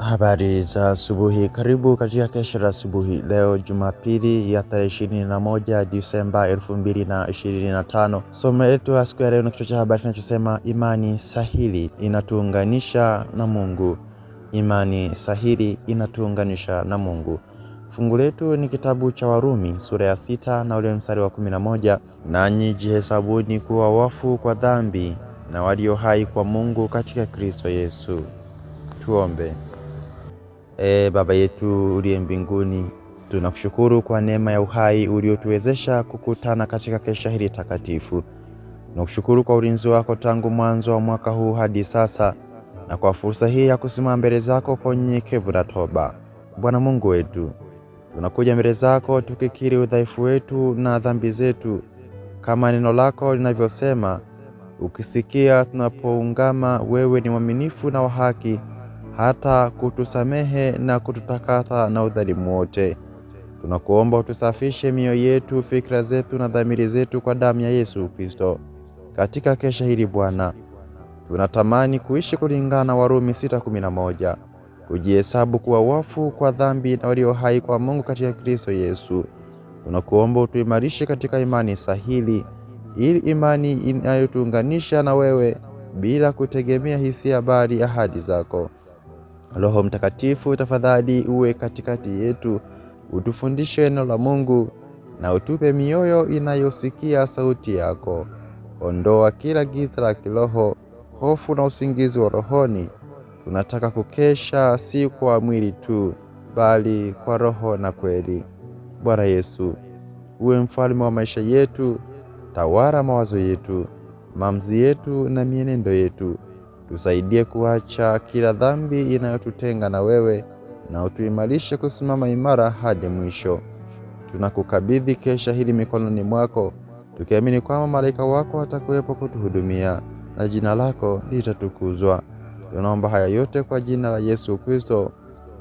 Habari za asubuhi, karibu katika kesha la asubuhi leo Jumapili ya tarehe 21 Disemba tano. Somo letu la siku ya leo na kichwa cha habari kinachosema imani sahili inatuunganisha na Mungu. Imani sahili inatuunganisha na Mungu. Fungu letu ni kitabu cha Warumi sura ya sita na ule mstari wa kumi na moja, nanyi jihesabuni kuwa wafu kwa dhambi na walio hai kwa Mungu katika Kristo Yesu. Tuombe. E, Baba yetu uliye mbinguni, tunakushukuru kwa neema ya uhai uliotuwezesha kukutana katika kesha hili takatifu. Tunakushukuru kwa ulinzi wako tangu mwanzo wa mwaka huu hadi sasa na kwa fursa hii ya kusimama mbele zako kwa unyenyekevu na toba. Bwana Mungu wetu, tunakuja mbele zako tukikiri udhaifu wetu na dhambi zetu, kama neno lako linavyosema, ukisikia tunapoungama, wewe ni mwaminifu na wa haki hata kutusamehe na kututakasa na udhalimu wote. Tunakuomba utusafishe mioyo yetu, fikra zetu na dhamiri zetu kwa damu ya Yesu Kristo. Katika kesha hili Bwana, tunatamani kuishi kulingana na Warumi 6:11, kujihesabu kuwa wafu kwa dhambi na walio hai kwa Mungu katika Kristo Yesu. Tunakuomba utuimarishe katika imani sahili, ili imani inayotuunganisha na wewe bila kutegemea hisia, bali ahadi zako Roho Mtakatifu, tafadhali uwe katikati yetu, utufundishe neno la Mungu na utupe mioyo inayosikia sauti yako. Ondoa kila giza la kiroho, hofu na usingizi wa rohoni. Tunataka kukesha si kwa mwili tu, bali kwa roho na kweli. Bwana Yesu, uwe mfalme wa maisha yetu. Tawala mawazo yetu, maamuzi yetu na mienendo yetu Tusaidie kuacha kila dhambi inayotutenga na wewe na utuimarishe kusimama imara hadi mwisho. Tunakukabidhi kesha hili mikononi mwako, tukiamini kwamba malaika wako watakuwepo kutuhudumia na jina lako litatukuzwa. Tunaomba haya yote kwa jina la Yesu Kristo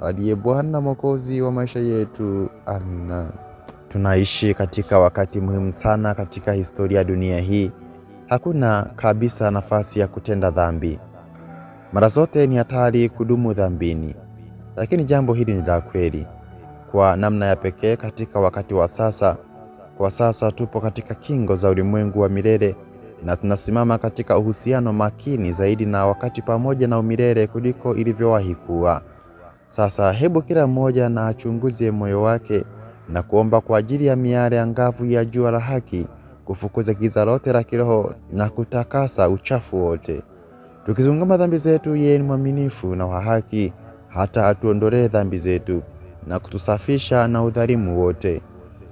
aliye Bwana Mwokozi wa maisha yetu. Amina. Tunaishi katika wakati muhimu sana katika historia ya dunia hii. Hakuna kabisa nafasi ya kutenda dhambi. Mara zote ni hatari kudumu dhambini, lakini jambo hili ni la kweli kwa namna ya pekee katika wakati wa sasa. Kwa sasa tupo katika kingo za ulimwengu wa milele na tunasimama katika uhusiano makini zaidi na wakati pamoja na umilele kuliko ilivyowahi kuwa. Sasa hebu kila mmoja na achunguze moyo wake na kuomba kwa ajili ya miale angavu ya jua la haki kufukuza giza lote la kiroho na kutakasa uchafu wote. Tukizungumza dhambi zetu, yeye ni mwaminifu na wa haki, hata atuondolee dhambi zetu na kutusafisha na udhalimu wote.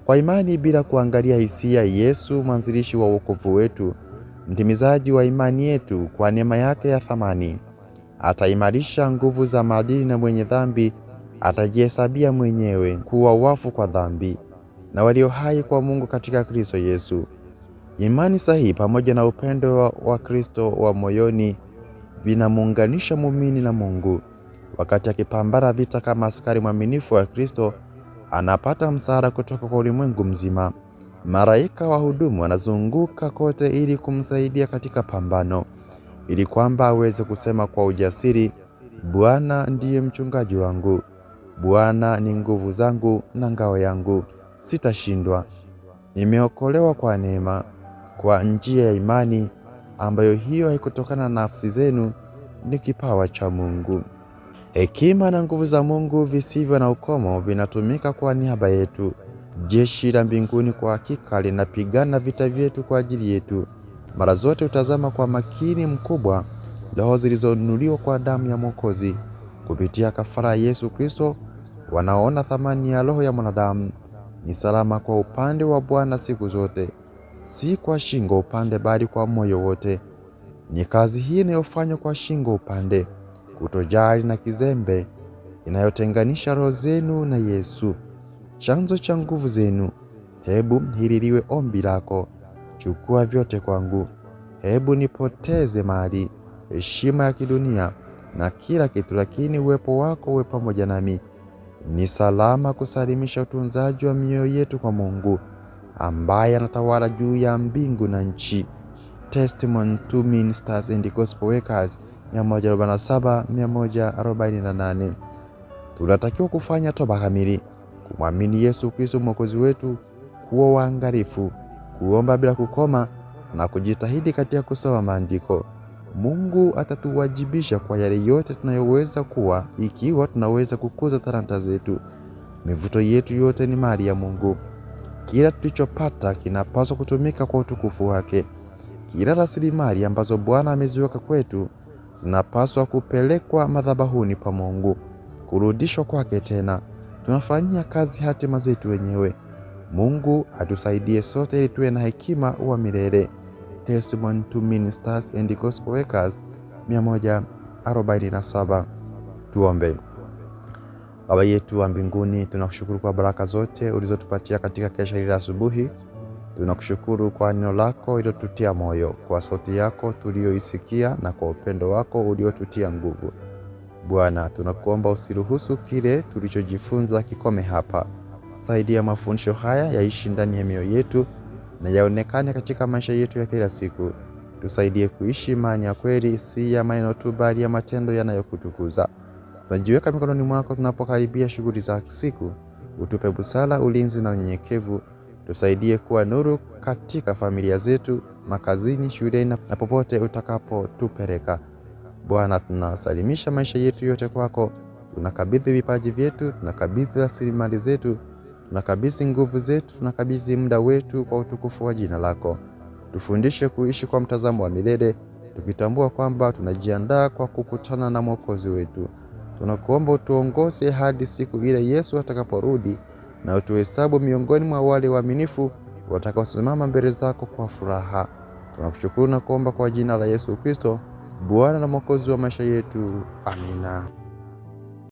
Kwa imani bila kuangalia hisia, Yesu mwanzilishi wa wokovu wetu, mtimizaji wa imani yetu, kwa neema yake ya thamani ataimarisha nguvu za maadili, na mwenye dhambi atajihesabia mwenyewe kuwa wafu kwa dhambi na walio hai kwa Mungu katika Kristo Yesu. Imani sahihi pamoja na upendo wa Kristo wa moyoni vinamuunganisha muumini na Mungu. Wakati akipambana vita kama askari mwaminifu wa Kristo, anapata msaada kutoka kwa ulimwengu mzima. Maraika wa hudumu wanazunguka kote ili kumsaidia katika pambano, ili kwamba aweze kusema kwa ujasiri, Bwana ndiye mchungaji wangu, Bwana ni nguvu zangu na ngao yangu, sitashindwa. Nimeokolewa kwa neema, kwa njia ya imani ambayo hiyo haikutokana na nafsi zenu, ni kipawa cha Mungu. Hekima na nguvu za Mungu visivyo na ukomo vinatumika kwa niaba yetu. Jeshi la mbinguni kwa hakika linapigana vita vyetu kwa ajili yetu. Mara zote utazama kwa makini mkubwa roho zilizonunuliwa kwa damu ya Mwokozi kupitia kafara ya Yesu Kristo. Wanaona thamani ya roho ya mwanadamu ni salama kwa upande wa Bwana siku zote si kwa shingo upande, bali kwa moyo wote. Ni kazi hii inayofanywa kwa shingo upande, kutojali na kizembe, inayotenganisha roho zenu na Yesu, chanzo cha nguvu zenu. Hebu hili liwe ombi lako: chukua vyote kwangu. Hebu nipoteze mali, heshima ya kidunia na kila kitu, lakini uwepo wako uwe pamoja nami. Ni salama kusalimisha utunzaji wa mioyo yetu kwa Mungu ambaye anatawala juu ya mbingu na nchi. Testimony to Ministers and Gospel Workers 147 148. Tunatakiwa kufanya toba kamili, kumwamini Yesu Kristo mwokozi wetu, kuwa waangalifu, kuomba bila kukoma na kujitahidi katika kusoma maandiko. Mungu atatuwajibisha kwa yale yote tunayoweza kuwa, ikiwa tunaweza kukuza talanta zetu. Mivuto yetu yote ni mali ya Mungu. Kila tulichopata kinapaswa kutumika kwa utukufu wake. Kila rasilimali ambazo Bwana ameziweka kwetu zinapaswa kupelekwa madhabahuni pa Mungu, kurudishwa kwake tena. Tunafanyia kazi hatima zetu wenyewe. Mungu atusaidie sote ili tuwe na hekima wa milele. Testimony to Ministers and Gospel Workers 147. Tuombe. Baba yetu wa mbinguni, tunakushukuru kwa baraka zote ulizotupatia katika kesha hili la asubuhi. Tunakushukuru kwa neno lako iliyotutia moyo, kwa sauti yako tuliyoisikia, na kwa upendo wako uliotutia nguvu. Bwana, tunakuomba usiruhusu kile tulichojifunza kikome hapa. Saidia mafundisho haya yaishi ndani ya mioyo yetu na yaonekane katika maisha yetu ya kila siku. Tusaidie kuishi imani ya kweli, si ya maneno tu, bali ya matendo yanayokutukuza. Tunajiweka mikononi mwako tunapokaribia shughuli za siku. Utupe busara, ulinzi na unyenyekevu. Tusaidie kuwa nuru katika familia zetu, makazini, shuleni na popote utakapotupeleka. Bwana, tunasalimisha maisha yetu yote kwako. Tunakabidhi vipaji vyetu, tunakabidhi rasilimali zetu, tunakabidhi nguvu zetu, tunakabidhi muda wetu kwa utukufu wa jina lako. Tufundishe kuishi kwa mtazamo wa milele, tukitambua kwamba tunajiandaa kwa kukutana na Mwokozi wetu. Tunakuomba utuongoze hadi siku ile Yesu atakaporudi na utuhesabu miongoni mwa wale waaminifu watakaosimama mbele zako kwa furaha. Tunakushukuru na kuomba kwa jina la Yesu Kristo, Bwana na Mwokozi wa maisha yetu. Amina.